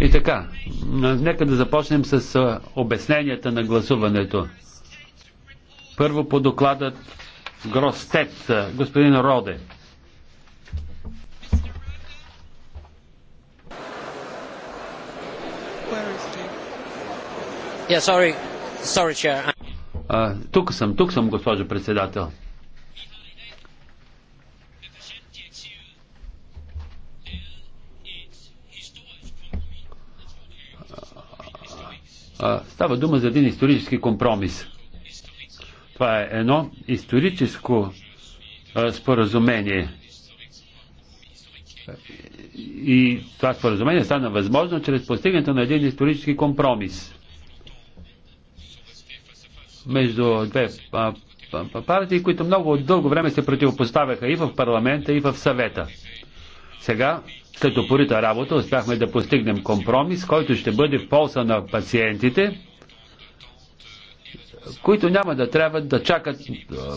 И така, нека да започнем с обясненията на гласуването. Първо по докладът Гростет, господин Роде. Yeah, sorry. Sorry, тук съм, тук съм, госпожо председател. Става дума за един исторически компромис. Това е едно историческо споразумение. И това споразумение стана възможно чрез постигането на един исторически компромис между две партии, които много дълго време се противопоставяха и в парламента, и в съвета. Сега след опорита работа успяхме да постигнем компромис, който ще бъде в полза на пациентите, които няма да трябва да чакат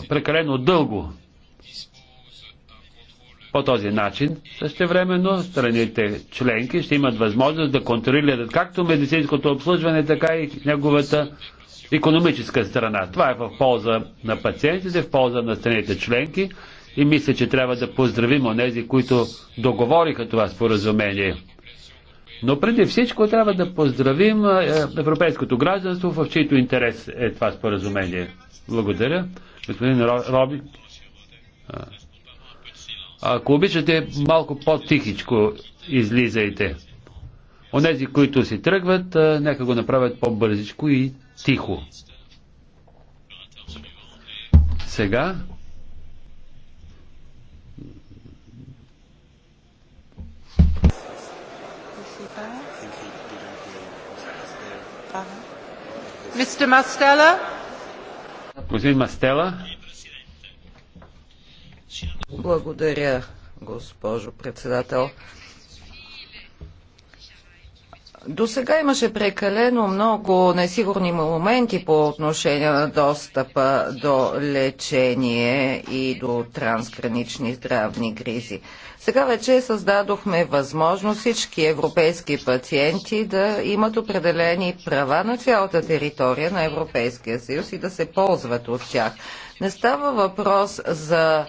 прекалено дълго. По този начин, същевременно, страните членки ще имат възможност да контролират както медицинското обслужване, така и неговата економическа страна. Това е в полза на пациентите, в полза на страните членки и мисля, че трябва да поздравим онези, които договориха това споразумение. Но преди всичко трябва да поздравим е, европейското гражданство, в чийто интерес е това споразумение. Благодаря. Господин Роби, ако обичате, малко по-тихичко излизайте. Онези, които си тръгват, е, нека го направят по-бързичко и тихо. Сега Mr. Mastella? Господин Мастела. Благодаря, госпожо председател. До сега имаше прекалено много несигурни моменти по отношение на достъпа до лечение и до трансгранични здравни гризи. Сега вече създадохме възможност всички европейски пациенти да имат определени права на цялата територия на Европейския съюз и да се ползват от тях. Не става въпрос за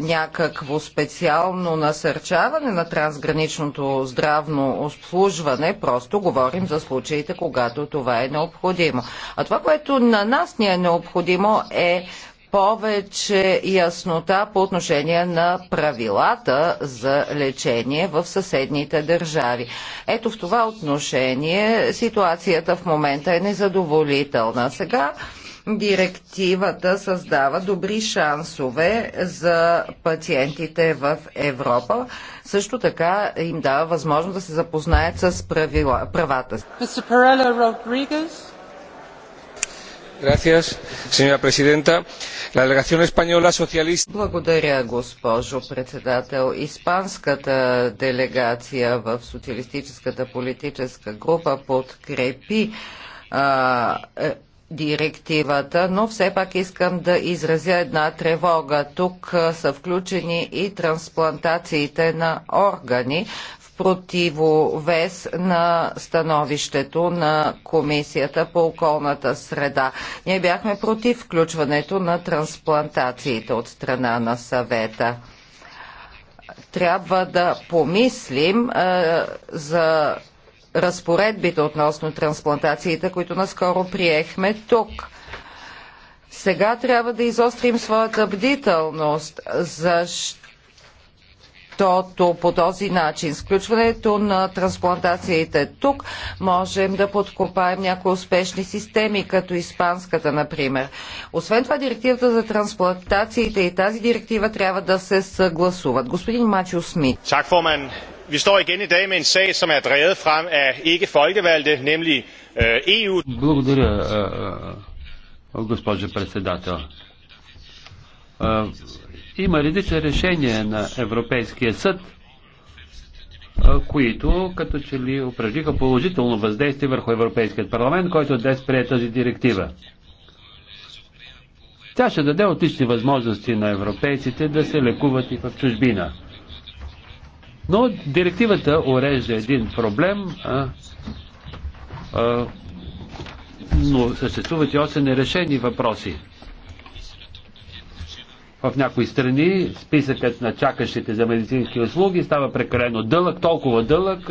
някакво специално насърчаване на трансграничното здравно обслужване, просто говорим за случаите, когато това е необходимо. А това, което на нас ни е необходимо е повече яснота по отношение на правилата за лечение в съседните държави. Ето в това отношение ситуацията в момента е незадоволителна. Сега Директивата създава добри шансове за пациентите в Европа. Също така им дава възможност да се запознаят с правила, правата. Благодаря, госпожо председател. Испанската делегация в социалистическата политическа група подкрепи а, е, директивата, но все пак искам да изразя една тревога. Тук са включени и трансплантациите на органи в противовес на становището на Комисията по околната среда. Ние бяхме против включването на трансплантациите от страна на съвета трябва да помислим е, за разпоредбите относно трансплантациите, които наскоро приехме тук. Сега трябва да изострим своята бдителност, защото по този начин сключването на трансплантациите тук можем да подкопаем някои успешни системи, като испанската, например. Освен това, директивата за трансплантациите и тази директива трябва да се съгласуват. Господин Мачо Смит. Чак, vi står igen i dag med en sag, som er drevet frem af ikke nemlig øh, EU. Благодаря, е, е, госпожо председател. Е, има редица решения на Европейския съд, които като че ли упражниха положително въздействие върху Европейският парламент, който днес прие тази директива. Тя ще даде отлични възможности на европейците да се лекуват и в чужбина. Но директивата урежда един проблем, а, а, но съществуват и още нерешени въпроси. В някои страни списъкът на чакащите за медицински услуги става прекалено дълъг, толкова дълъг,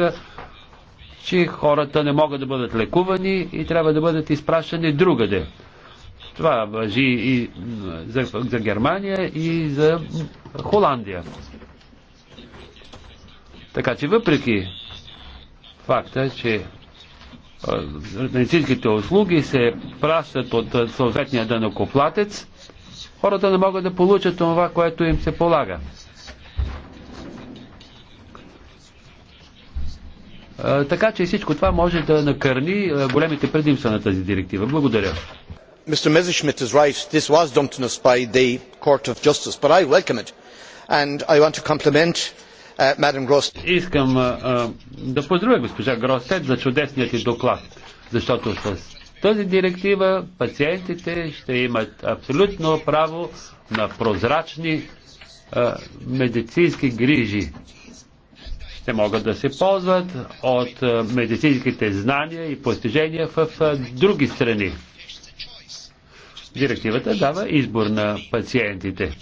че хората не могат да бъдат лекувани и трябва да бъдат изпращани другаде. Това въжи и за, за Германия, и за Холандия. Така че въпреки факта, че медицинските услуги се пращат от съответния дънокоплатец, хората не могат да получат това, което им се полага. Така че всичко това може да накърни големите предимства на тази директива. Благодаря. Mr. Messerschmidt is right. This was dumped on us by the Court of Justice, but I welcome it. And I want to compliment Uh, Искам да поздравя госпожа Гросет за чудесният ти доклад, защото с тази директива пациентите ще имат абсолютно право на прозрачни медицински грижи. Ще могат да се ползват от медицинските знания и постижения в други страни. Директивата дава избор на пациентите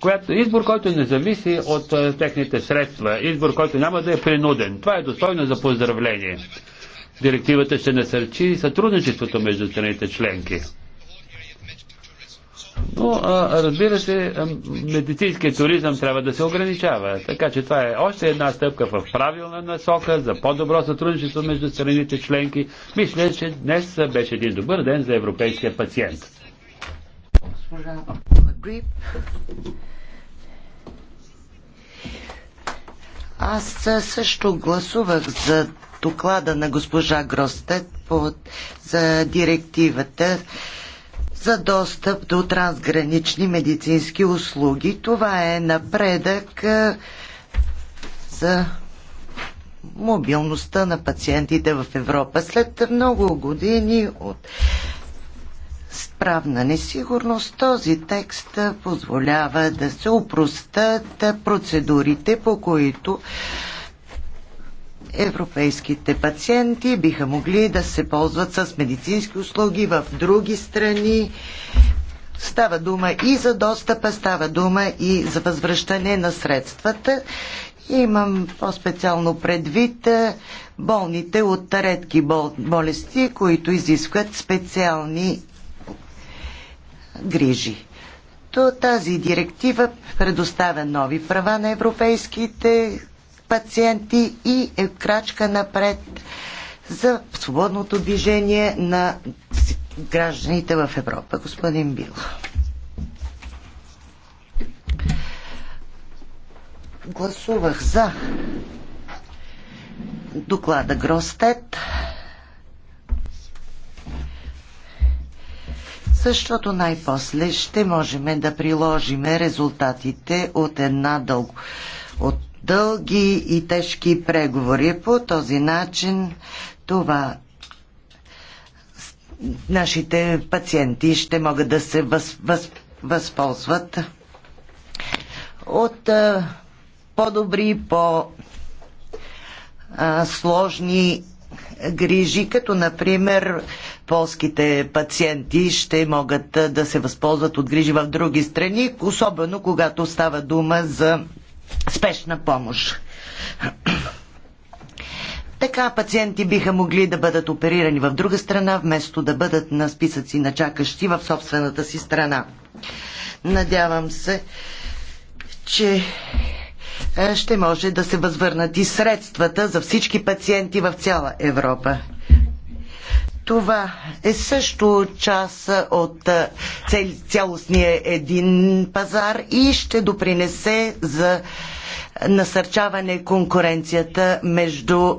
която, избор, който не зависи от а, е, техните средства, избор, който няма да е принуден. Това е достойно за поздравление. Директивата ще насърчи сътрудничеството между страните членки. Но, а, разбира се, медицинският туризъм трябва да се ограничава. Така че това е още една стъпка в правилна насока за по-добро сътрудничество между страните членки. Мисля, че днес беше един добър ден за европейския пациент госпожа Магриб. Аз също гласувах за доклада на госпожа Гростет за директивата за достъп до трансгранични медицински услуги. Това е напредък за мобилността на пациентите в Европа. След много години от правна несигурност, този текст позволява да се упростат процедурите, по които европейските пациенти биха могли да се ползват с медицински услуги в други страни. Става дума и за достъпа, става дума и за възвръщане на средствата. Имам по-специално предвид болните от редки болести, които изискват специални грижи. То тази директива предоставя нови права на европейските пациенти и е крачка напред за свободното движение на гражданите в Европа. Господин Бил. Гласувах за доклада Гростет. Същото най-после ще можем да приложим резултатите от една дълго, от дълги и тежки преговори. По този начин това нашите пациенти ще могат да се въз, въз, възползват от по-добри, по-сложни грижи, като например полските пациенти ще могат да се възползват от грижи в други страни, особено когато става дума за спешна помощ. Така пациенти биха могли да бъдат оперирани в друга страна, вместо да бъдат на списъци на чакащи в собствената си страна. Надявам се, че ще може да се възвърнат и средствата за всички пациенти в цяла Европа. Това е също част от е, цялостния един пазар и ще допринесе за насърчаване конкуренцията между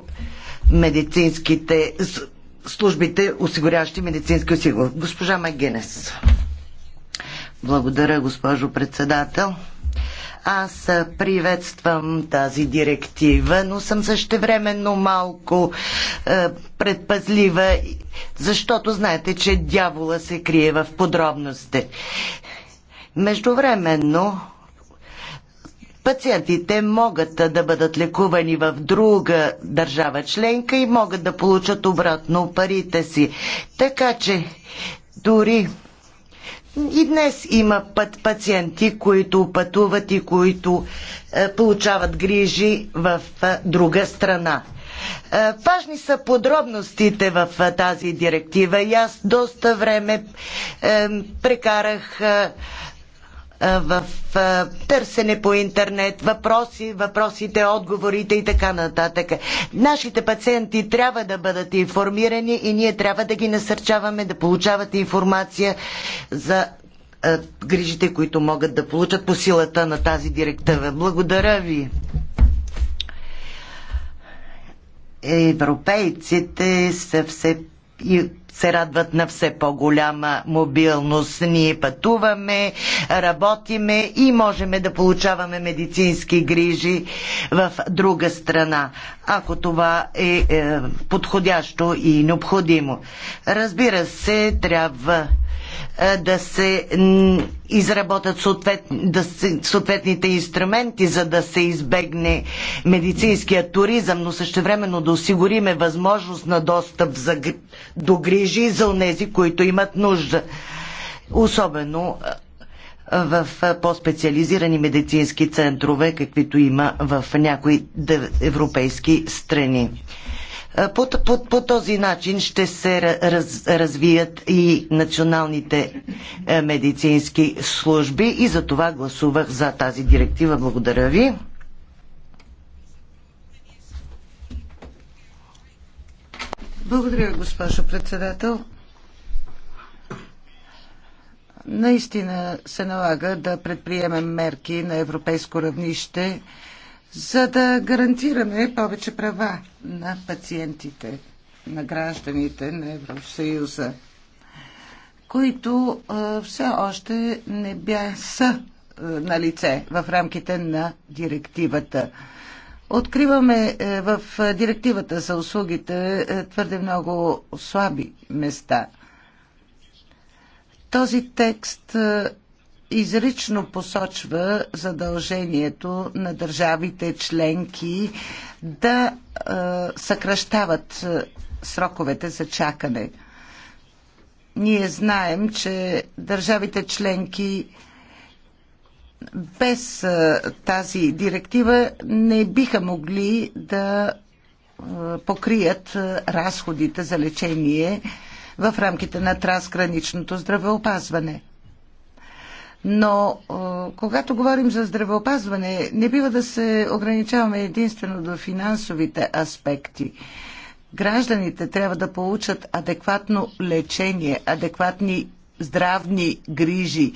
медицинските службите, осигуряващи медицински осигур. Госпожа Магинес. Благодаря, госпожо председател. Аз приветствам тази директива, но съм същевременно малко е, предпазлива, защото знаете, че дявола се крие в подробности. Междувременно пациентите могат да бъдат лекувани в друга държава членка и могат да получат обратно парите си. Така че дори и днес има път пациенти, които пътуват и които е, получават грижи в е, друга страна. Е, важни са подробностите в е, тази директива и аз доста време е, прекарах. Е, в търсене по интернет, въпроси, въпросите, отговорите и така нататък. Нашите пациенти трябва да бъдат информирани и ние трябва да ги насърчаваме да получават информация за грижите, които могат да получат по силата на тази директива. Благодаря ви. Европейците са все и се радват на все по-голяма мобилност. Ние пътуваме, работиме и можем да получаваме медицински грижи в друга страна, ако това е, е подходящо и необходимо. Разбира се, трябва да се изработят съответ, да се, съответните инструменти, за да се избегне медицинския туризъм, но същевременно да осигуриме възможност на достъп за, до грижи за онези, които имат нужда. Особено в по-специализирани медицински центрове, каквито има в някои европейски страни. Е, по, по, по този начин ще се раз, развият и националните е, медицински служби и за това гласувах за тази директива. Благодаря ви. Благодаря, госпожо председател. Наистина се налага да предприемем мерки на европейско равнище за да гарантираме повече права на пациентите, на гражданите на Евросъюза, които все още не бя, са на лице в рамките на директивата. Откриваме е, в директивата за услугите е, твърде много слаби места. Този текст е, изрично посочва задължението на държавите членки да е, съкръщават сроковете за чакане. Ние знаем, че държавите членки без е, тази директива не биха могли да е, покрият е, разходите за лечение в рамките на трансграничното здравеопазване. Но когато говорим за здравеопазване, не бива да се ограничаваме единствено до финансовите аспекти. Гражданите трябва да получат адекватно лечение, адекватни здравни грижи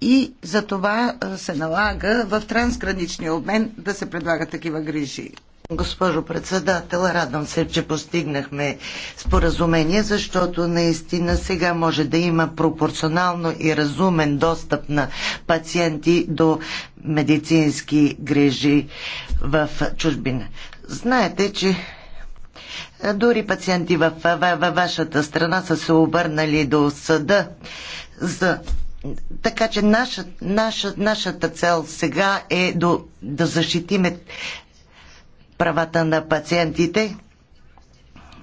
и за това се налага в трансграничния обмен да се предлагат такива грижи. Госпожо председател, радвам се, че постигнахме споразумение, защото наистина сега може да има пропорционално и разумен достъп на пациенти до медицински грижи в чужбина. Знаете, че дори пациенти във, във вашата страна са се обърнали до съда за така че наша, наша, нашата цел сега е до, да защитиме правата на пациентите.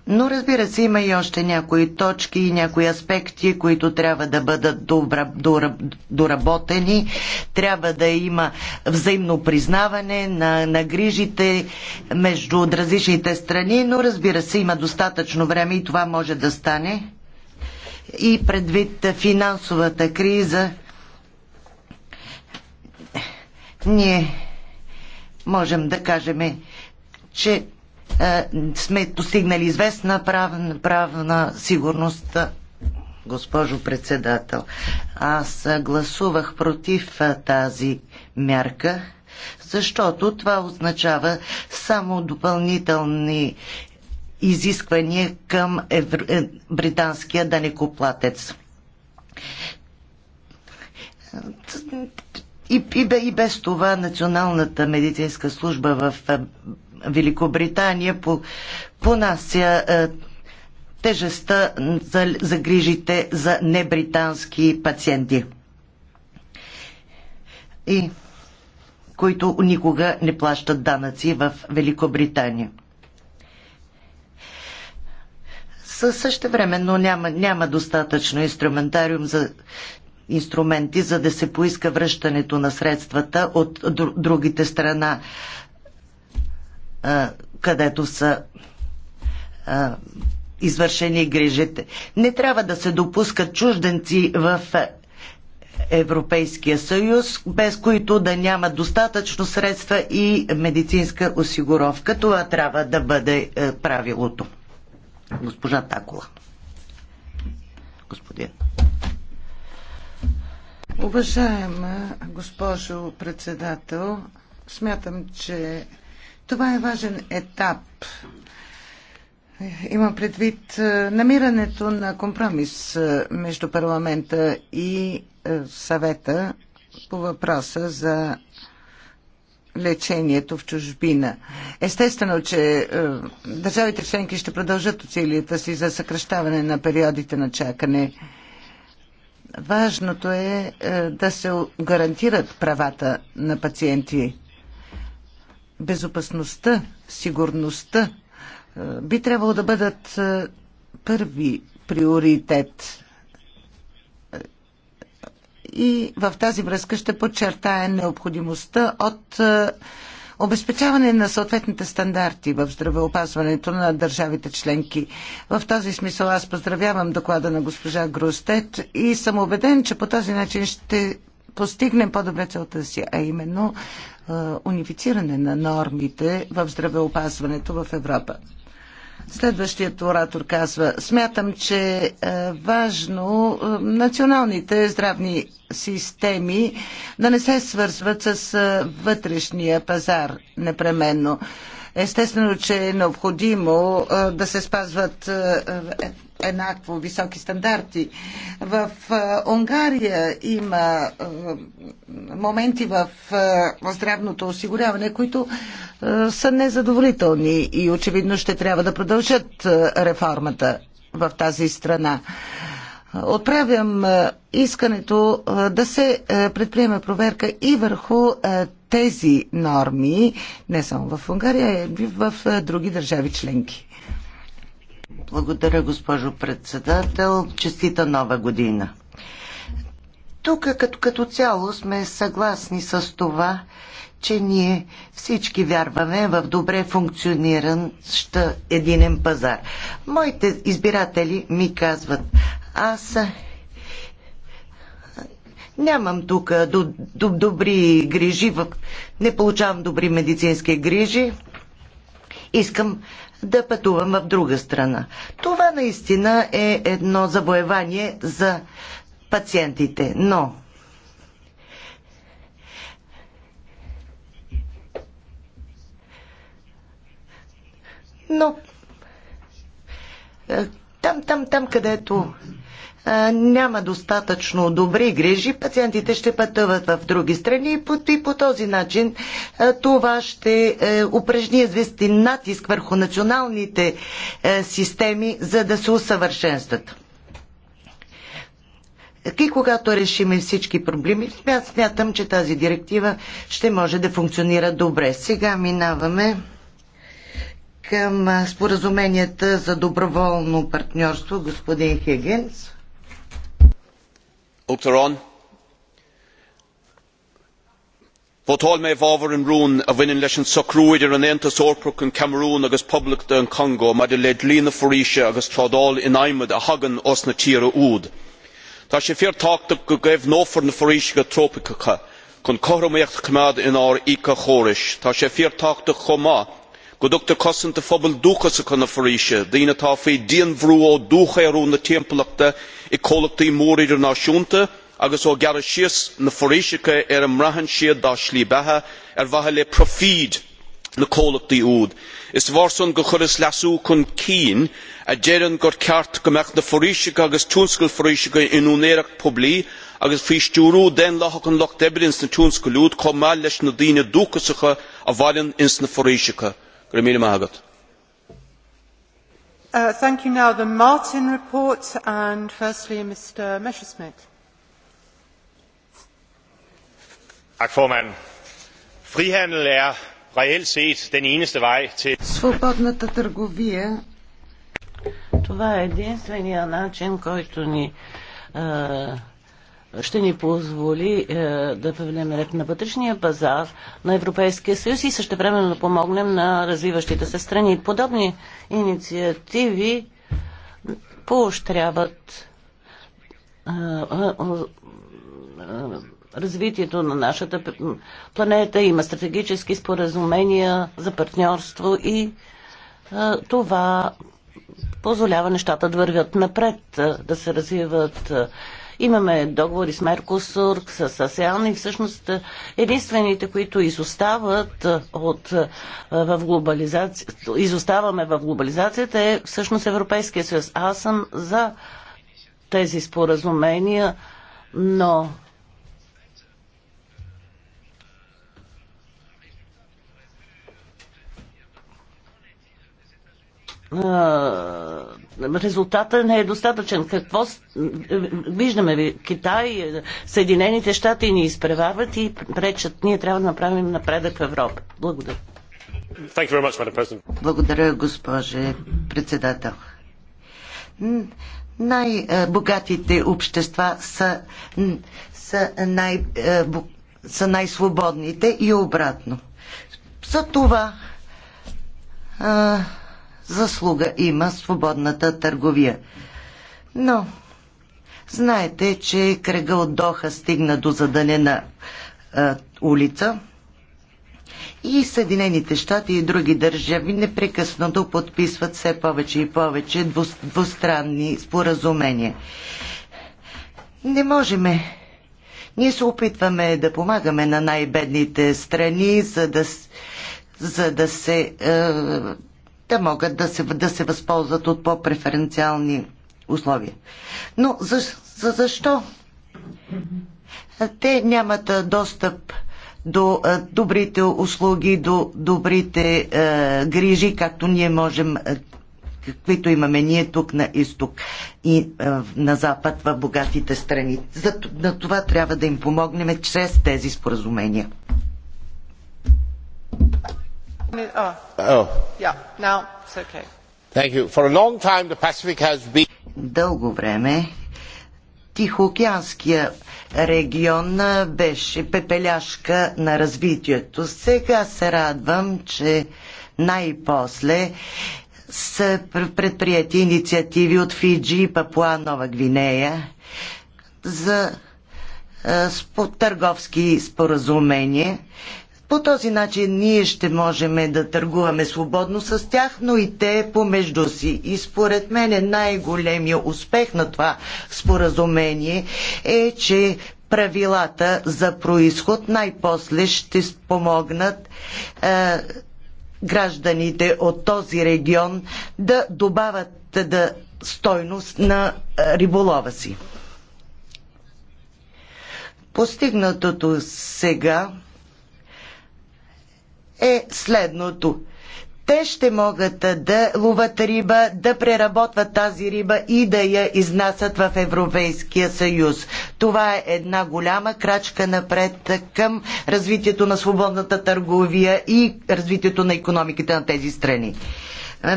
Но разбира се, има и още някои точки и някои аспекти, които трябва да бъдат добра, дора, доработени. Трябва да има взаимно признаване на, на грижите между различните страни, но разбира се, има достатъчно време и това може да стане. И предвид финансовата криза, ние можем да кажем, че е, сме достигнали известна правна, правна сигурност, е, госпожо председател. Аз гласувах против е, тази мярка, защото това означава само допълнителни изисквания към евро... Е, британския данекоплатец. И, и, и без това Националната медицинска служба в Великобритания по, понася е, тежестта за, за грижите за небритански пациенти. И които никога не плащат данъци в Великобритания. Също но няма, няма достатъчно инструментариум за инструменти, за да се поиска връщането на средствата от другите страна където са извършени грижите. Не трябва да се допускат чужденци в Европейския съюз, без които да няма достатъчно средства и медицинска осигуровка. Това трябва да бъде е, правилото. Госпожа Такола. Господин. Уважаема госпожо председател, смятам, че това е важен етап. има предвид е, намирането на компромис е, между парламента и е, съвета по въпроса за лечението в чужбина. Естествено, че е, държавите членки ще продължат усилията си за съкръщаване на периодите на чакане. Важното е, е да се гарантират правата на пациенти безопасността, сигурността е, би трябвало да бъдат е, първи приоритет. И в тази връзка ще подчертая необходимостта от е, обезпечаване на съответните стандарти в здравеопазването на държавите членки. В този смисъл аз поздравявам доклада на госпожа Грустет и съм убеден, че по този начин ще постигнем по-добре целта си, а именно е, унифициране на нормите в здравеопазването в Европа. Следващият оратор казва, смятам, че е важно е, националните здравни системи да не се свързват с е, вътрешния пазар непременно. Естествено, че е необходимо да се спазват е, еднакво високи стандарти. В Унгария има моменти в здравното осигуряване, които са незадоволителни и очевидно ще трябва да продължат реформата в тази страна. Отправям искането да се предприеме проверка и върху тези норми, не само в Унгария, и в други държави членки. Благодаря, госпожо председател. Честита нова година. Тук като, като цяло сме съгласни с това, че ние всички вярваме в добре функциониран единен пазар. Моите избиратели ми казват, аз нямам тук добри грижи, в... не получавам добри медицински грижи. Искам да пътувам в друга страна. Това наистина е едно завоевание за пациентите, но но там, там, там, където няма достатъчно добри грижи, пациентите ще пътуват в други страни и по, и по този начин това ще е, упражни известен натиск върху националните е, системи, за да се усъвършенстват. И когато решим всички проблеми, смятам, че тази директива ще може да функционира добре. Сега минаваме към споразуменията за доброволно партньорство, господин Хегенс uachtarán vótáil mé bábhair an rún a bhaineann leis an socrúid ar an aontas oirceach in Cameroon, agus poblacht in congo maidir le dlí na foréise agus trádáil in aghaidh a thagann os na tíre úd. tá sé fíortáideach go gaibh nófar na foréisithe trópacha chun cothromaíocht cumad in ika oíche chórais. tá sé fíortáideach chomh maith go dtugtar cosanta phobal dúchas a chur na foréisise daoine atá faoi déanbhrú ó dúchadh na timpeallachta i gcomhlachtaí mór idirnáisiúnta agus ó ghearradh síos na foréisice ar an mbraithfeann siad dá slí beatha ar bhealach le profid na comhlachtaí úd. is mharson go cuireadh leasú chun cinn a deireadh gur ceart go mbeadh na foréisice agus túnascail foréisice inúinéireacht poiblí agus faoi stiúrú den lochach an loch d'oibrids na túnascail úd chomh maith leis na daoine dúchasacha a mhailinn ins na foréisice. Uh, frihandel er reelt set den eneste vej til. Свободната търговия това е единствения начин, който ни е, ще ни позволи е, да въведем ред на вътрешния пазар на Европейския съюз и също времено да помогнем на развиващите се страни. Подобни инициативи поощряват е, е, е, развитието на нашата планета, има стратегически споразумения за партньорство и е, това позволява нещата да вървят напред, е, да се развиват Имаме договори с Меркосур, с АСЕАН и всъщност е, единствените, които изостават е, от, е, в глобализацията, изоставаме в глобализацията е всъщност Европейския съюз. Аз съм за тези споразумения, но резултата не е достатъчен. Какво виждаме ви? Китай, Съединените щати ни изпреварват и пречат. Ние трябва да направим напредък в Европа. Благодаря. Much, Благодаря, госпожо председател. Най-богатите е, общества са, са, най, е, са най-свободните и обратно. За това а заслуга има свободната търговия. Но знаете, че кръга от Доха стигна до задънена е, улица и Съединените щати и други държави непрекъснато подписват все повече и повече двустранни споразумения. Не можеме. Ние се опитваме да помагаме на най-бедните страни, за да, за да се. Е, те могат да се, да се възползват от по-преференциални условия. Но за, за, защо те нямат достъп до добрите услуги, до добрите а, грижи, както ние можем, а, каквито имаме ние тук на изток и а, на запад в богатите страни. За, на това трябва да им помогнем чрез тези споразумения. Oh. Oh. Дълго време Тихоокеанския регион беше пепеляшка на развитието. Сега се радвам, че най-после са предприяти инициативи от Фиджи и Папуа Нова Гвинея за търговски споразумения по този начин ние ще можем да търгуваме свободно с тях, но и те помежду си. И според мен е най-големия успех на това споразумение е, че правилата за происход най-после ще спомогнат е, гражданите от този регион да добавят да, стойност на е, риболова си. Постигнатото сега е следното. Те ще могат да ловат риба, да преработват тази риба и да я изнасят в Европейския съюз. Това е една голяма крачка напред към развитието на свободната търговия и развитието на економиката на тези страни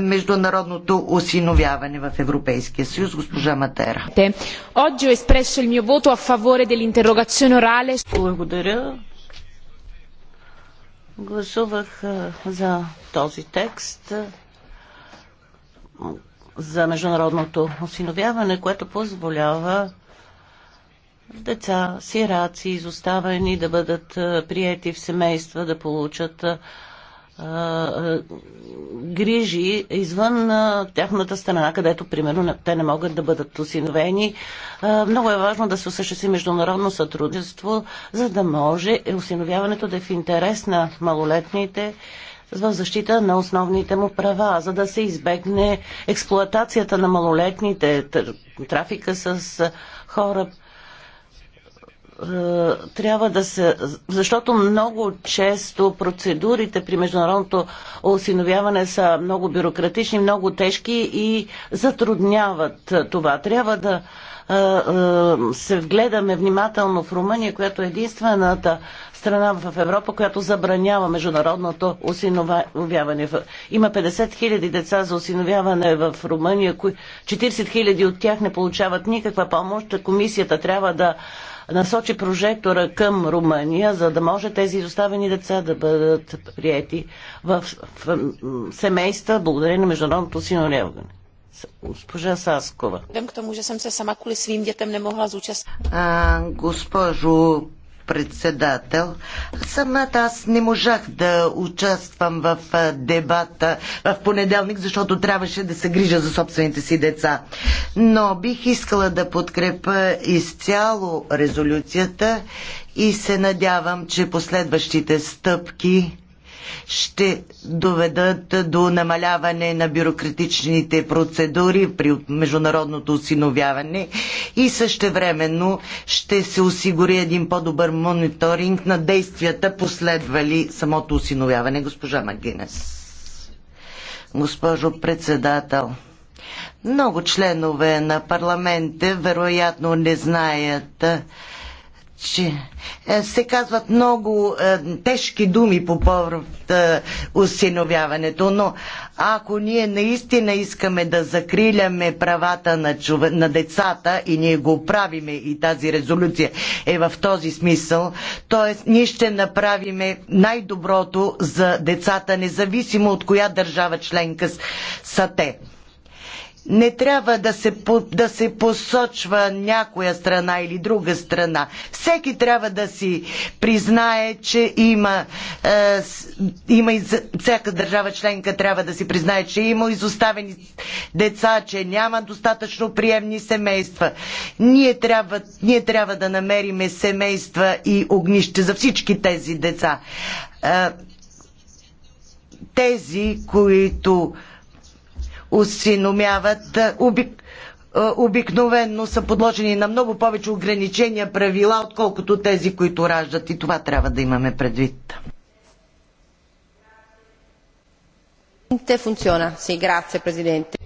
международното осиновяване в Европейския съюз. Госпожа Матера. Благодаря. Гласувах за този текст за международното осиновяване, което позволява деца, сираци, изоставени да бъдат приети в семейства, да получат грижи извън а, тяхната страна, където, примерно, те не могат да бъдат осиновени. А, много е важно да се осъществи международно сътрудничество, за да може осиновяването да е в интерес на малолетните в защита на основните му права, за да се избегне експлоатацията на малолетните, трафика с хора. Е, трябва да се. Защото много често процедурите при международното осиновяване са много бюрократични, много тежки и затрудняват е, това. Трябва да е, се вгледаме внимателно в Румъния, която е единствената страна в Европа, която забранява международното осиновяване. Има 50 хиляди деца за осиновяване в Румъния, 40 хиляди от тях не получават никаква помощ. Комисията трябва да насочи прожектора към Румъния, за да може тези изоставени деца да бъдат прияти в, в семейства, благодарение на международното синореване. Госпожа Саскова. К тому, че съм се сама, коли своим детям не могла зучаст. Госпожо председател. Самата аз не можах да участвам в дебата в понеделник, защото трябваше да се грижа за собствените си деца. Но бих искала да подкрепа изцяло резолюцията и се надявам, че последващите стъпки ще доведат до намаляване на бюрократичните процедури при международното осиновяване и същевременно ще се осигури един по-добър мониторинг на действията последвали самото осиновяване. Госпожа Магинес. Госпожо председател, много членове на парламента вероятно не знаят че е, се казват много е, тежки думи по повод е, осиновяването, но ако ние наистина искаме да закриляме правата на, чове... на децата и ние го правиме и тази резолюция е в този смисъл, т.е. ние ще направиме най-доброто за децата, независимо от коя държава членка са те. Не трябва да се, да се посочва някоя страна или друга страна. Всеки трябва да си признае, че има, е, има из... всяка държава членка трябва да си признае, че има изоставени деца, че няма достатъчно приемни семейства. Ние трябва, ние трябва да намериме семейства и огнище за всички тези деца. Е, тези, които осиномяват. Обик... Обикновенно са подложени на много повече ограничения, правила, отколкото тези, които раждат. И това трябва да имаме предвид.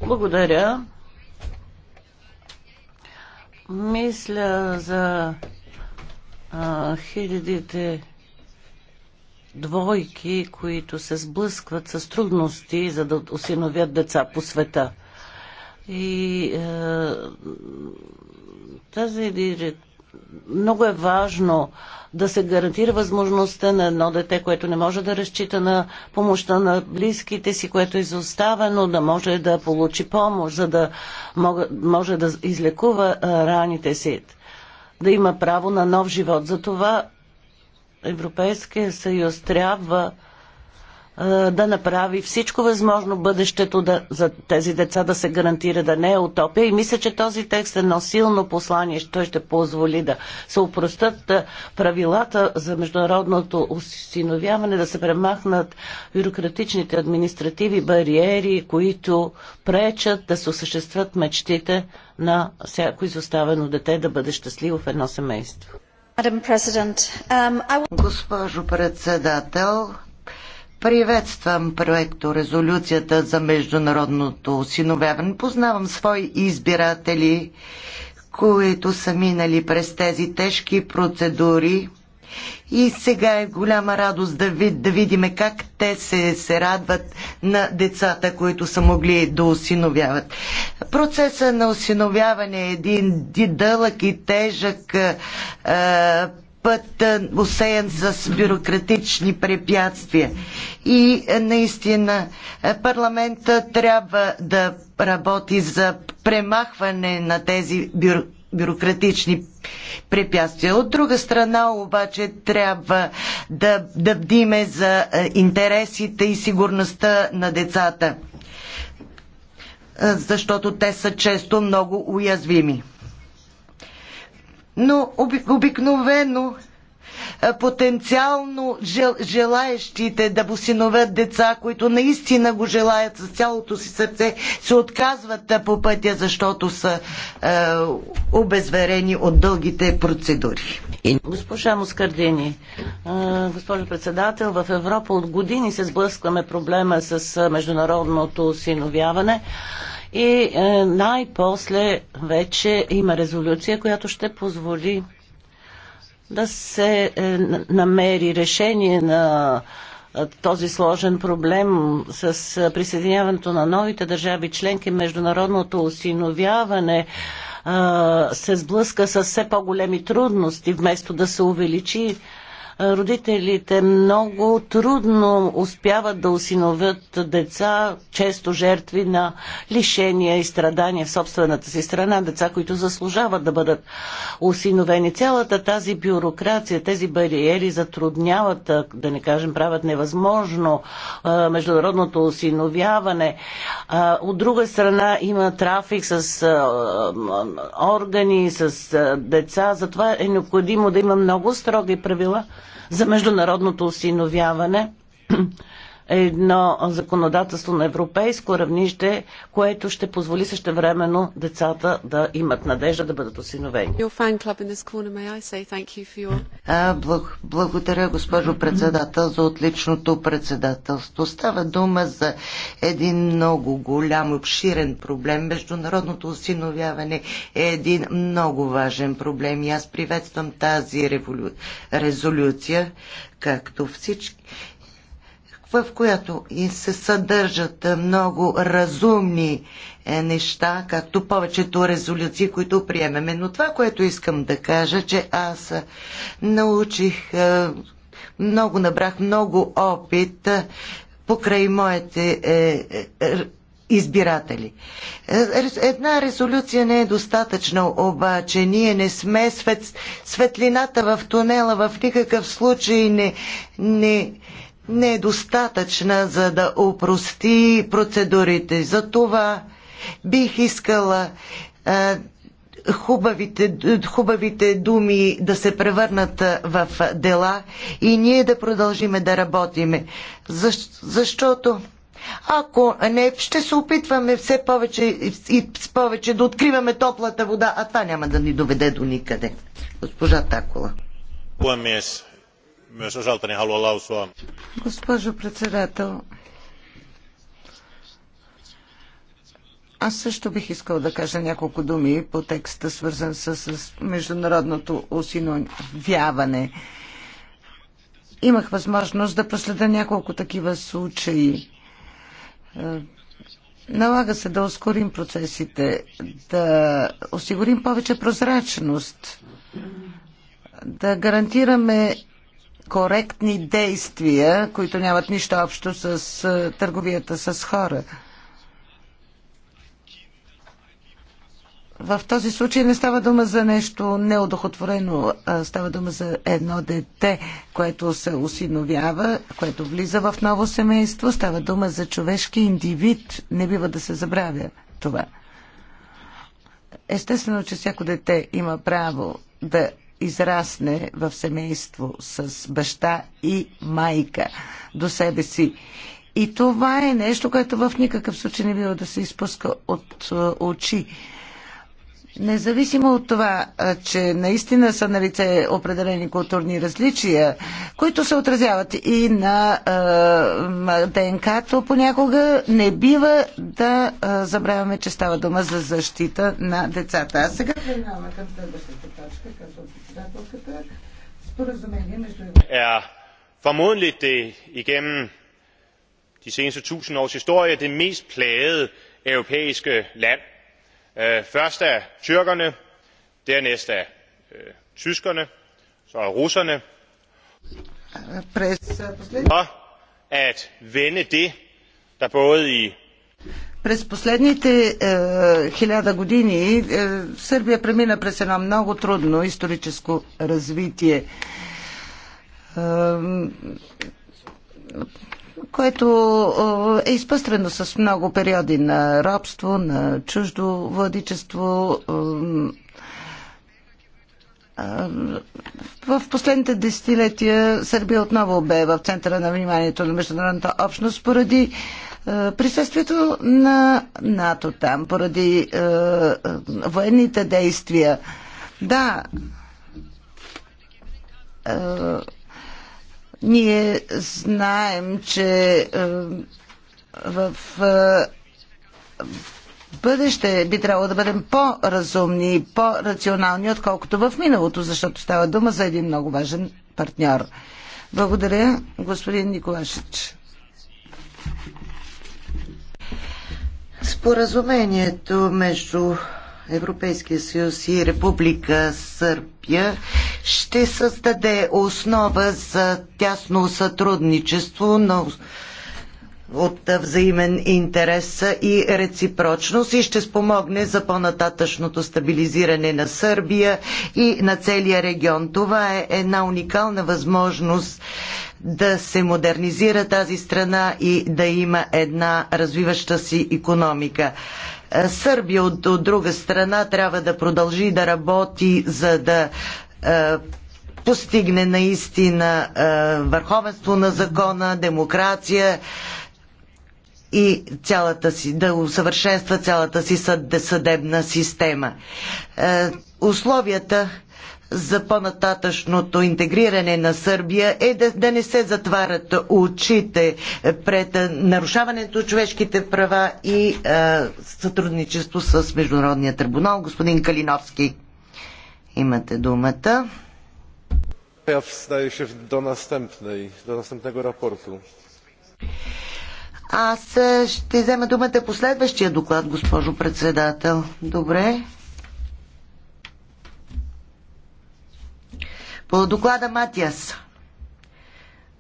Благодаря. Мисля за а, хилядите двойки, които се сблъскват с трудности, за да осиновят деца по света. И е, тази директива много е важно да се гарантира възможността на едно дете, което не може да разчита на помощта на близките си, което е изоставено, да може да получи помощ, за да може да излекува е, раните си, да има право на нов живот. За това Европейския съюз трябва да направи всичко възможно бъдещето да, за тези деца да се гарантира да не е утопия. И мисля, че този текст е едно силно послание, той ще позволи да се упростат правилата за международното осиновяване, да се премахнат бюрократичните административи бариери, които пречат да се осъществят мечтите на всяко изоставено дете да бъде щастливо в едно семейство. Um, Госпожо председател, приветствам проекто резолюцията за международното осиновяване. Познавам свои избиратели, които са минали през тези тежки процедури и сега е голяма радост да, ви, да видиме как те се, се радват на децата, които са могли да осиновяват. Процесът на осиновяване е един дълъг и тежък е, път, усеян с бюрократични препятствия. И наистина парламента трябва да работи за премахване на тези бюрократични бюрократични препятствия. От друга страна обаче трябва да, да бдиме за е, интересите и сигурността на децата, е, защото те са често много уязвими. Но обикновено е, потенциално жел, желаещите да босиноват деца, които наистина го желаят с цялото си сърце, се отказват е, по пътя, защото са е, обезверени от дългите процедури. Госпожа Москардини, е, госпожо председател, в Европа от години се сблъскваме проблема с международното осиновяване и най-после вече има резолюция, която ще позволи да се е, намери решение на е, този сложен проблем с е, присъединяването на новите държави членки, международното осиновяване се сблъска с все по-големи трудности, вместо да се увеличи родителите много трудно успяват да осиновят деца, често жертви на лишения и страдания в собствената си страна, деца, които заслужават да бъдат осиновени. Цялата тази бюрокрация, тези бариери затрудняват, да не кажем, правят невъзможно международното осиновяване. От друга страна има трафик с органи, с деца, затова е необходимо да има много строги правила, за международното осиновяване едно законодателство на европейско равнище, което ще позволи същевременно децата да имат надежда да бъдат осиновени. благодаря, госпожо председател, за отличното председателство. Става дума за един много голям, обширен проблем. Международното осиновяване е един много важен проблем и аз приветствам тази резолюция, както всички в която и се съдържат много разумни е, неща, както повечето резолюции, които приемеме. Но това, което искам да кажа, че аз научих е, много, набрах много опит е, покрай моите избиратели. Една резолюция не е достатъчна, обаче ние не сме свет, светлината в тунела, в никакъв случай не, не не е достатъчна, за да упрости процедурите. За това бих искала а, хубавите, хубавите думи да се превърнат в дела и ние да продължиме да работиме. Защо, защото ако не, ще се опитваме все повече и повече да откриваме топлата вода, а това няма да ни доведе до никъде. Госпожа Такола myös osaltani haluan lausua. Госпожо председател, аз също бих искал да кажа няколко думи по текста, свързан с, международното осиновяване. Имах възможност да проследа няколко такива случаи. Е, налага се да ускорим процесите, да осигурим повече прозрачност, да гарантираме коректни действия, които нямат нищо общо с търговията с хора. В този случай не става дума за нещо неодохотворено, става дума за едно дете, което се осиновява, което влиза в ново семейство, става дума за човешки индивид. Не бива да се забравя това. Естествено, че всяко дете има право да израсне в семейство с баща и майка до себе си. И това е нещо, което в никакъв случай не било да се изпуска от е, очи. Независимо от това, е, че наистина са на лице определени културни различия, които се отразяват и на е, ДНК-то, понякога не бива да е, забравяме, че става дума за защита на децата. А сега преминаваме към следващата точка, като Er, Formodentlig det igennem de seneste tusind års historie det mest plagede europæiske land. Først af tyrkerne, dernæst af tyskerne, så af russerne. for at vende det, der både i през последните е, хиляда години е, Сърбия премина през едно много трудно историческо развитие, е, което е, е изпъстрено с много периоди на рабство, на чуждо владичество. Е, е, в последните десетилетия Сърбия отново бе в центъра на вниманието на международната общност поради е, присъствието на НАТО там поради е, е, военните действия. Да. Е, ние знаем, че е, в е, бъдеще би трябвало да бъдем по-разумни и по-рационални, отколкото в миналото, защото става дума за един много важен партньор. Благодаря, господин Николашич. Споразумението между Европейския съюз и Република Сърбия ще създаде основа за тясно сътрудничество на от взаимен интерес и реципрочност и ще спомогне за по-нататъчното стабилизиране на Сърбия и на целия регион. Това е една уникална възможност да се модернизира тази страна и да има една развиваща си економика. Сърбия от, от друга страна трябва да продължи да работи, за да е, постигне наистина е, върховенство на закона, демокрация, и цялата си, да усъвършенства цялата си съд, съдебна система. Е, условията за по-нататъчното интегриране на Сърбия е да, да не се затварят очите пред е, нарушаването човешките права и е, сътрудничество с Международния трибунал. Господин Калиновски, имате думата. Я wstaję до do аз е, ще взема думата по следващия доклад, госпожо председател. Добре. По доклада Матиас.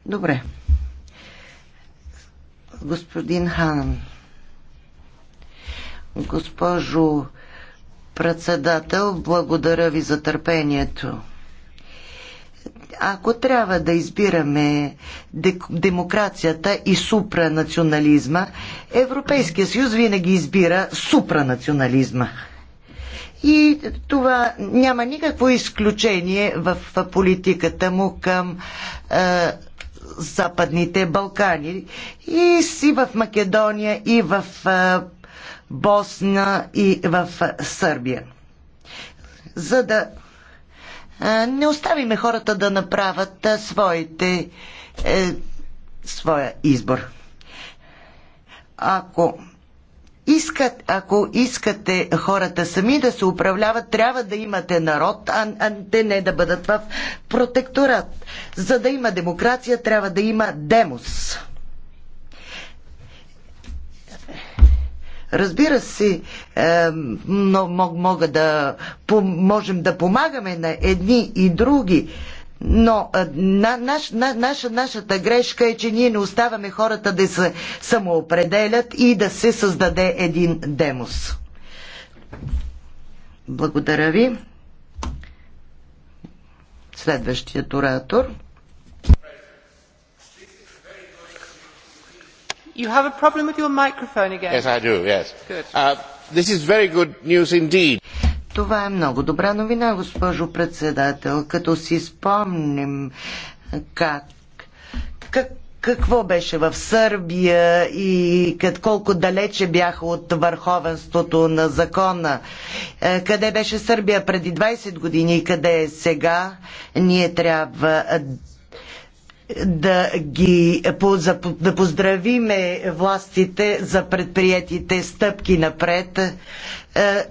Добре. Господин Ханан. Госпожо председател, благодаря ви за търпението ако трябва да избираме демокрацията и супранационализма, Европейския съюз винаги избира супранационализма. И това няма никакво изключение в политиката му към е, Западните Балкани. И си в Македония, и в е, Босна, и в Сърбия. За да не оставиме хората да направят своите, е, своя избор. Ако искат, ако искате хората сами да се управляват, трябва да имате народ, а, а те не да бъдат в протекторат. За да има демокрация, трябва да има демос. Разбира се, е, но мог, мога да, можем да помагаме на едни и други. Но е, на, наш, на, наша, нашата грешка е, че ние не оставаме хората да се самоопределят и да се създаде един демос. Благодаря ви. Следващият оратор. You have a problem with your microphone again. Yes, I do, yes. Good. Uh, This is very good news indeed. Това е много добра новина, госпожо председател. Като си спомним как, как какво беше в Сърбия и кът, колко далече бяха от върховенството на закона. Е, къде беше Сърбия преди 20 години и къде е сега, ние трябва да ги да поздравиме властите за предприятите стъпки напред е,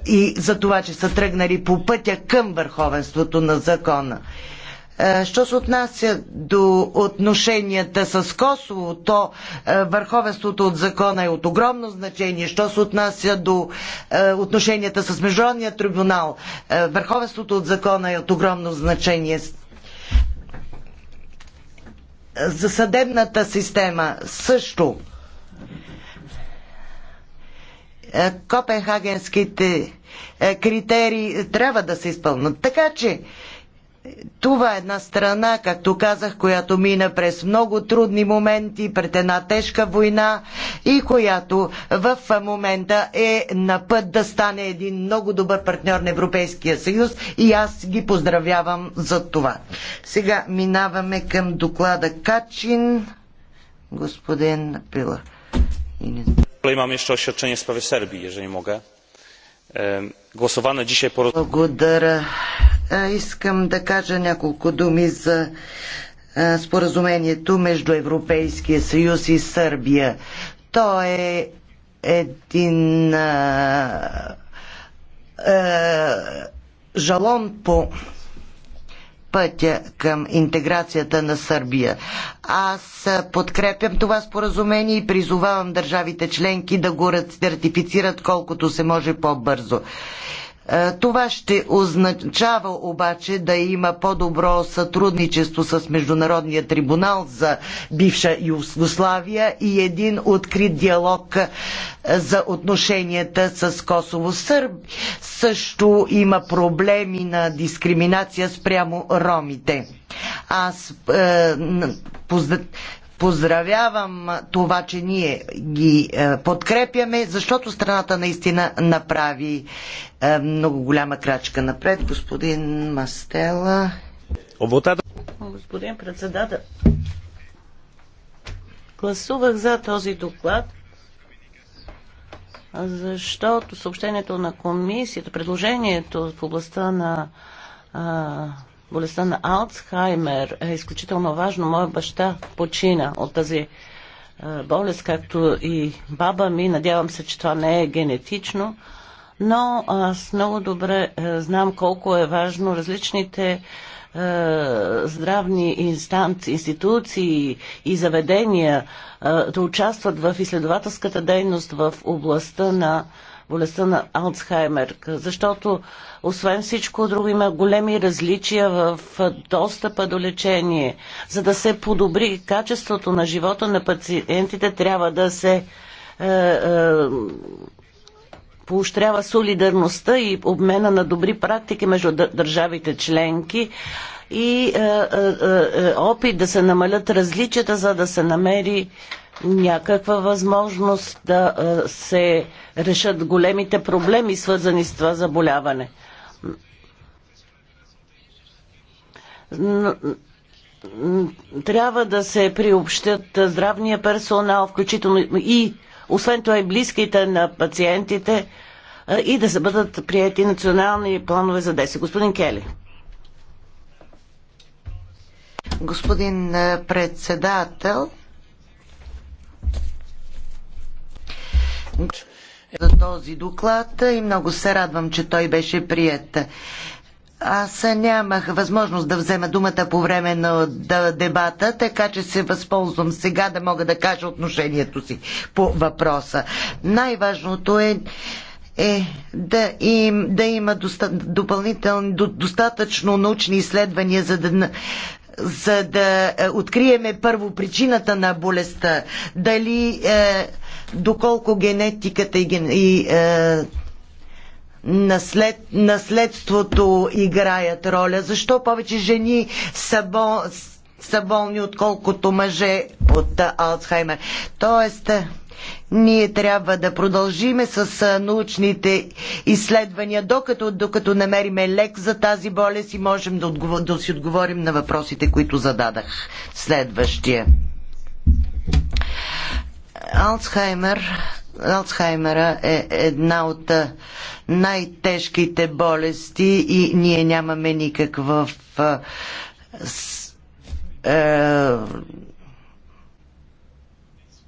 и за това, че са тръгнали по пътя към върховенството на закона. Е, що се отнася до отношенията с Косово, то е, върховенството от закона е от огромно значение. Що се отнася до отношенията с Международния трибунал, върховенството от закона е от огромно значение за съдебната система също. Е, копенхагенските е, критерии трябва да се изпълнат. Така че това е една страна, както казах, която мина през много трудни моменти, пред една тежка война и която в момента е на път да стане един много добър партньор на Европейския съюз и аз ги поздравявам за това. Сега минаваме към доклада Качин, господин Пила. Mam jeszcze oświadczenie w sprawie ежели мога. mogę. Głosowane е, е по... Благодаря искам да кажа няколко думи за споразумението между Европейския съюз и Сърбия. То е един а, а, жалон по пътя към интеграцията на Сърбия. Аз подкрепям това споразумение и призовавам държавите членки да го ратифицират колкото се може по-бързо. Е, това ще означава обаче да има по-добро сътрудничество с Международния трибунал за бивша Югославия и един открит диалог е, за отношенията с Косово. Сърб също има проблеми на дискриминация спрямо ромите. Аз е, Поздравявам това, че ние ги е, подкрепяме, защото страната наистина направи е, много голяма крачка напред. Господин Мастела. Господин председател, гласувах за този доклад, защото съобщението на комисията, предложението в областта на болестта на Алцхаймер е изключително важно. Моя баща почина от тази е, болест, както и баба ми. Надявам се, че това не е генетично, но аз много добре е, знам колко е важно различните е, здравни инстанции, институции и заведения да участват в изследователската дейност в областта на болестта на Алцхаймер, защото освен всичко друго има големи различия в достъпа до лечение. За да се подобри качеството на живота на пациентите, трябва да се е, е, поощрява солидарността и обмена на добри практики между държавите членки и е, е, е, е, опит да се намалят различията, за да се намери някаква възможност да се решат големите проблеми, свързани с това заболяване. Трябва да се приобщат здравния персонал, включително и освен това и близките на пациентите и да се бъдат прияти национални планове за действие. Господин Кели. Господин председател, за този доклад и много се радвам, че той беше прият. Аз нямах възможност да взема думата по време на дебата, така че се възползвам сега да мога да кажа отношението си по въпроса. Най-важното е е да, им, да има доста, допълнителни, до, достатъчно научни изследвания, за да за да е, откриеме първо причината на болестта. Дали е, доколко генетиката и, и е, наслед, наследството играят роля. Защо повече жени са, бо, са болни, отколкото мъже от Алцхаймер. Тоест, ние трябва да продължиме с научните изследвания, докато, докато намериме лек за тази болест и можем да, отговор, да си отговорим на въпросите, които зададах. Следващия. Алцхаймер Алцхаймера е една от най-тежките болести и ние нямаме никаква е,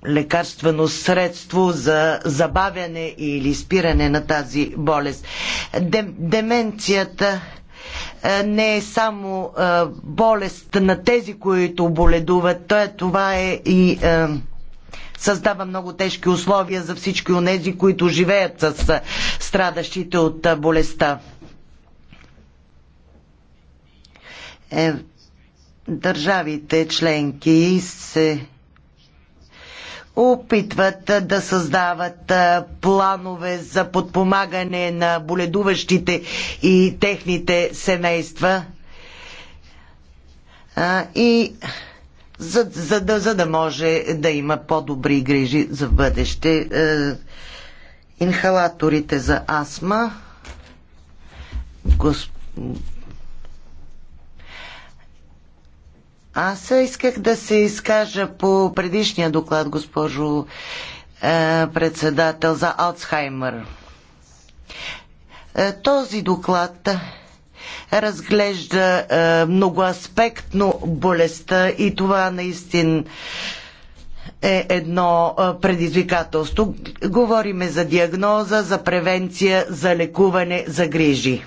лекарствено средство за забавяне или спиране на тази болест. деменцията е, не е само е, болест на тези, които боледуват, това е и създава много тежки условия за всички тези, които живеят с страдащите от болестта. Е, държавите членки се опитват да създават планове за подпомагане на боледуващите и техните семейства. И за, за, да, за да може да има по-добри грижи за бъдеще. Инхалаторите за астма. Господин Аз исках да се изкажа по предишния доклад, госпожо е, председател, за Алцхаймер. Е, този доклад разглежда е, многоаспектно болестта и това наистина е едно е, предизвикателство. Говориме за диагноза, за превенция, за лекуване, за грижи.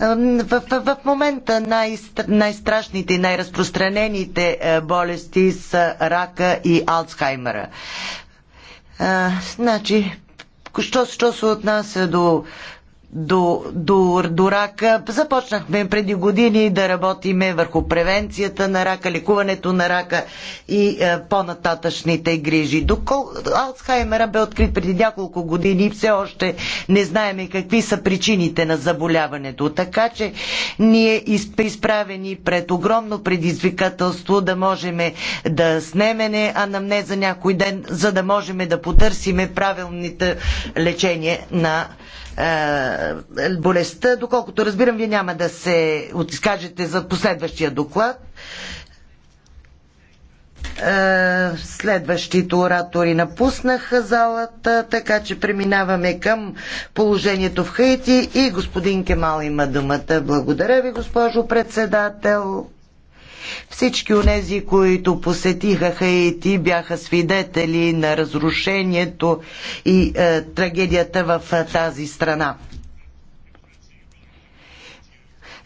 в, в, в момента най, най-страшните и най-разпространените е, болести са рака и Алцхаймера. А, значи, що, що се отнася до до, до, до рака. Започнахме преди години да работиме върху превенцията на рака, лекуването на рака и е, по-нататъчните грижи. Докол... Алцхаймера бе открит преди няколко години и все още не знаем какви са причините на заболяването. Така че ние изправени пред огромно предизвикателство да можем да снемене анамнеза някой ден, за да можем да потърсиме правилните лечение на е, болестта. Доколкото разбирам, вие няма да се изкажете за последващия доклад. Е, следващите оратори напуснаха залата, така че преминаваме към положението в Хаити и господин Кемал има думата. Благодаря ви, госпожо председател. Всички онези, които посетиха Хаити, бяха свидетели на разрушението и е, трагедията в е, тази страна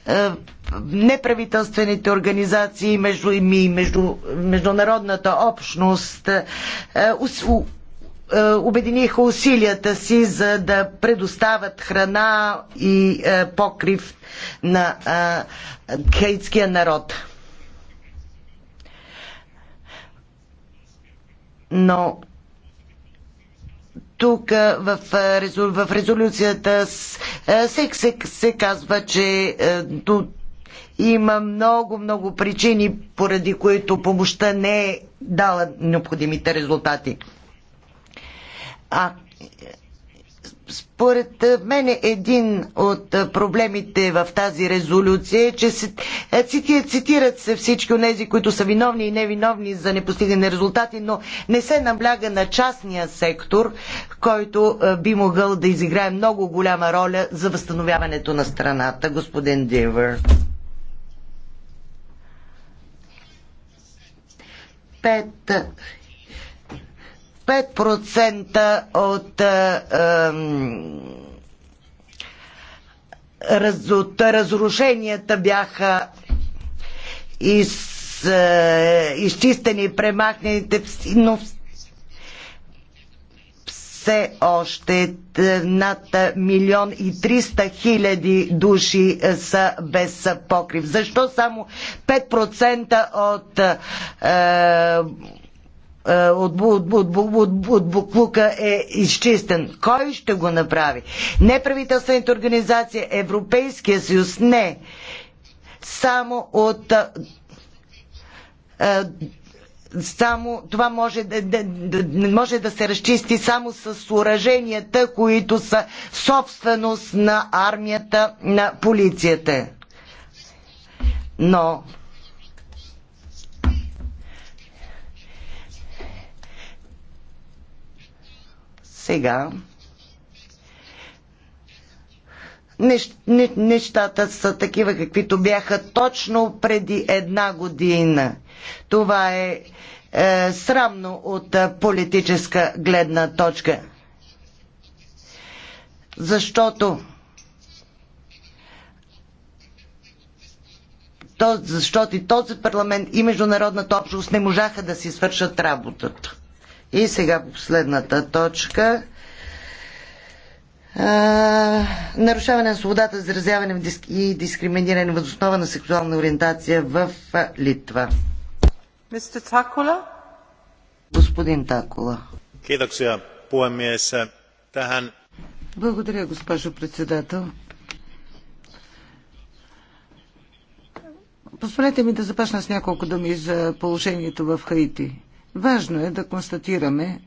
е, неправителствените организации и между, и между, международната общност е, е, обединиха усилията си за да предоставят храна и покрив на хаитския народ. но тук в, резолю, в резолюцията се, се, се казва, че има много, много причини, поради които помощта не е дала необходимите резултати. А според мен един от проблемите в тази резолюция е, че се, цитират се всички от тези, които са виновни и невиновни за непостигане резултати, но не се набляга на частния сектор, който би могъл да изиграе много голяма роля за възстановяването на страната, господин Дивер. Пет 5% от раз, от разрушенията бяха из, изчистени, премахнените, но все още над милион и триста хиляди души са без покрив. Защо само 5% от а, от, от, от, от, от буклука е изчистен. Кой ще го направи? Неправителствените организации, Европейския съюз, не. Само от само това може да, може да се разчисти само с ураженията, които са собственост на армията, на полицията. Но сега нещата са такива, каквито бяха точно преди една година. Това е, е срамно от е, политическа гледна точка. Защото то, защото и този парламент и международната общност не можаха да си свършат работата. И сега последната точка. А, нарушаване на свободата, изразяване и дискриминиране в основа на сексуална ориентация в Литва. Господин Такола. Kiitoksia, puhemies. Tähän... Благодаря, госпожо председател. Позволете ми да започна с няколко думи за положението в Хаити. Важно е да констатираме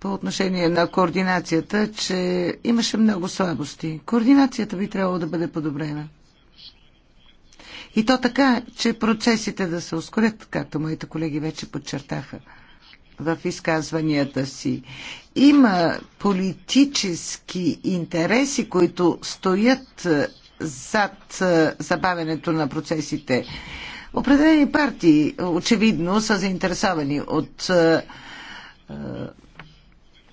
по отношение на координацията, че имаше много слабости. Координацията би трябвало да бъде подобрена. И то така, че процесите да се ускорят, както моите колеги вече подчертаха в изказванията си. Има политически интереси, които стоят е, зад е, забавянето на процесите. Определени партии очевидно са заинтересовани от е, е,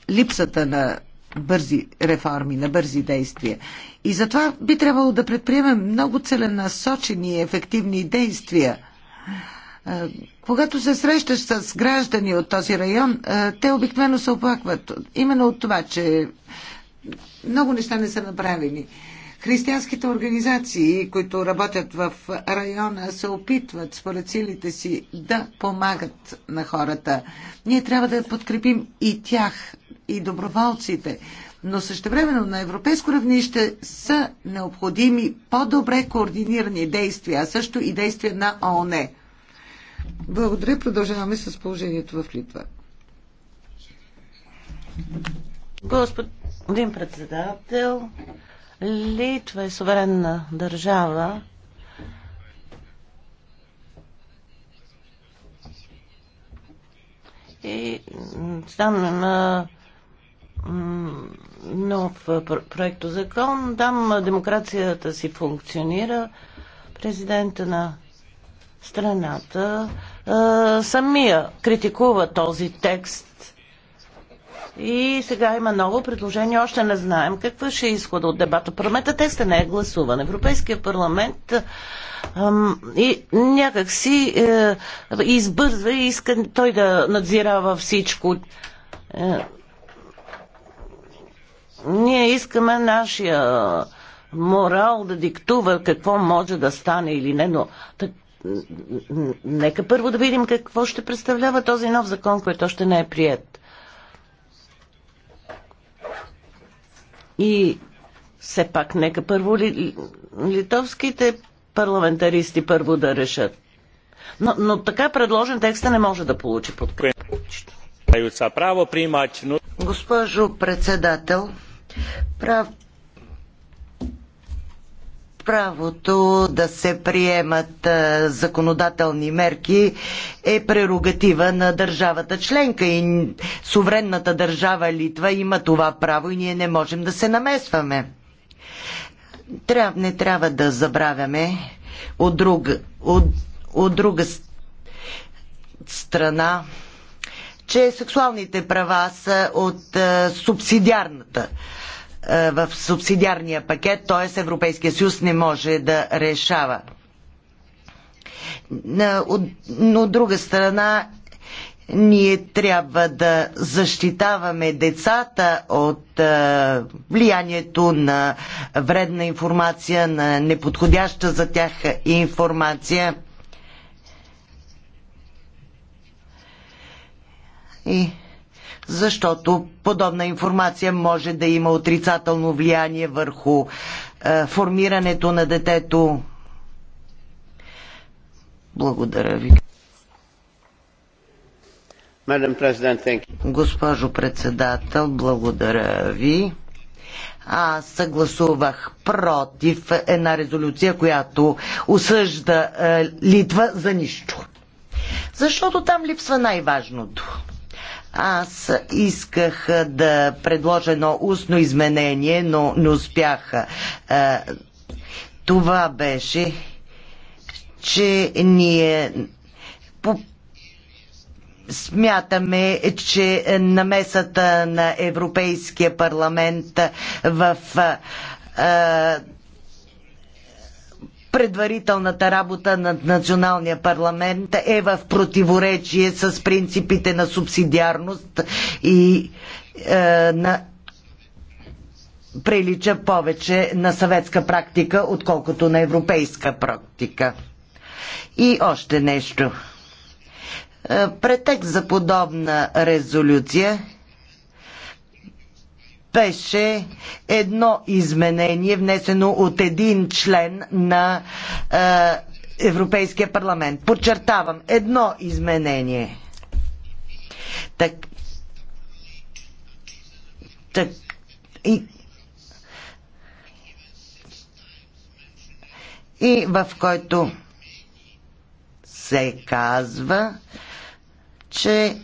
липсата на бързи реформи, на бързи действия. И затова би трябвало да предприемем много целенасочени и ефективни действия. Е, когато се срещаш с граждани от този район, те обикновено се оплакват именно от това, че много неща не са направени. Християнските организации, които работят в района, се опитват според силите си да помагат на хората. Ние трябва да подкрепим и тях, и доброволците, но същевременно на европейско равнище са необходими по-добре координирани действия, а също и действия на ООН. Благодаря. Продължаваме с положението в Литва. Господин председател, Литва е суверенна държава. И там има нов проекто закон. Там демокрацията си функционира. Президента на страната самия критикува този текст и сега има ново предложение. Още не знаем каква ще е изхода от дебата. Промета текста не е гласуван. Европейския парламент ам, и някак си е, избързва и иска той да надзирава всичко. Е, ние искаме нашия морал да диктува какво може да стане или не, но так, нека първо да видим какво ще представлява този нов закон, който още не е прият. И все пак, нека първо ли, литовските парламентаристи първо да решат. Но, но така предложен текста не може да получи подкрепа. Госпожо председател, прав, правото да се приемат законодателни мерки е прерогатива на държавата членка и суверенната държава Литва има това право и ние не можем да се намесваме. Трябва не трябва да забравяме от друга, от, от друга страна, че сексуалните права са от субсидиарната е, в субсидиарния пакет, т.е. Европейския съюз не може да решава. Е, но от друга страна, ние трябва да защитаваме децата от е, влиянието на вредна информация, на неподходяща за тях информация. И защото подобна информация може да има отрицателно влияние върху е, формирането на детето. Благодаря ви. Госпожо председател, благодаря ви. Аз съгласувах против една резолюция, която осъжда е, Литва за нищо. Защото там липсва най-важното. Аз исках да предложа едно устно изменение, но не успях. Това беше, че ние по смятаме, че намесата на Европейския парламент в предварителната работа на националния парламент е в противоречие с принципите на субсидиарност и е, на прилича повече на съветска практика, отколкото на европейска практика. И още нещо. Е, претекст за подобна резолюция беше едно изменение, внесено от един член на е, Европейския парламент. Подчертавам, едно изменение. Так, так, и, и в който се казва, че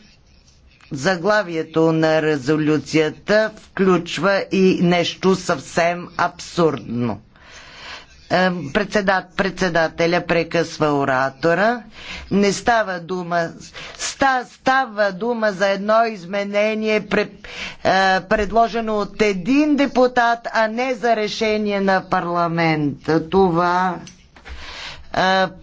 заглавието на резолюцията включва и нещо съвсем абсурдно. Председат, председателя прекъсва оратора. Не става дума. Ста, става дума за едно изменение, е, предложено от един депутат, а не за решение на парламент. Това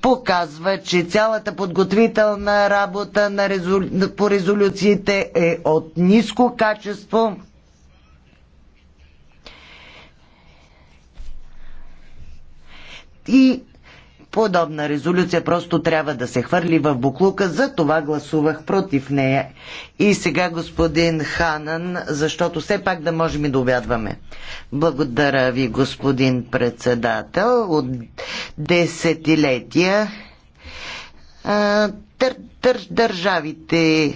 показва, че цялата подготвителна работа на резол... по резолюциите е от ниско качество. И подобна резолюция просто трябва да се хвърли в буклука, за това гласувах против нея. И сега господин Ханан, защото все пак да можем и да обядваме. Благодаря ви, господин председател. От десетилетия дър, тър, държавите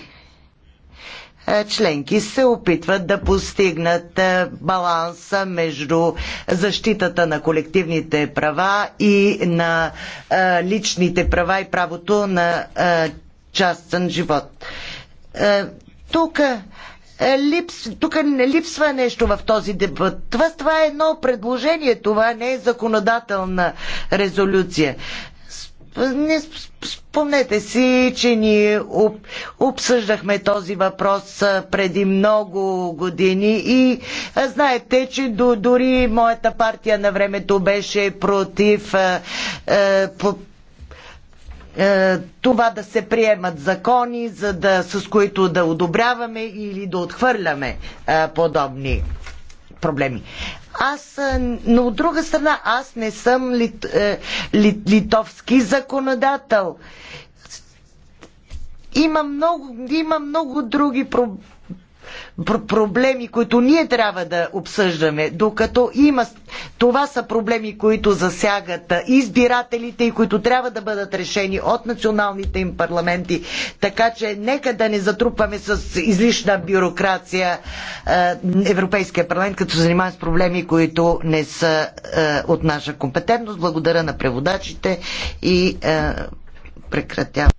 е, членки се опитват да постигнат е, баланса между защитата на колективните права и на е, личните права и правото на частен живот. Тук липс, тук не липсва нещо в този дебат. Това, това е едно предложение, това не е законодателна резолюция. Не спомнете си, че ние обсъждахме този въпрос преди много години и знаете, че дори моята партия на времето беше против това да се приемат закони, за да, с които да одобряваме или да отхвърляме подобни проблеми. Аз, е, но от друга страна, аз не съм лит, е, лит, литовски законодател. Има много, има много други проблеми пр- проблеми, които ние трябва да обсъждаме, докато има. Това са проблеми, които засягат избирателите и които трябва да бъдат решени от националните им парламенти. Така че нека да не затрупваме с излишна бюрокрация е, Европейския парламент, като се занимаваме с проблеми, които не са е, от наша компетентност. Благодаря на преводачите и е, прекратявам.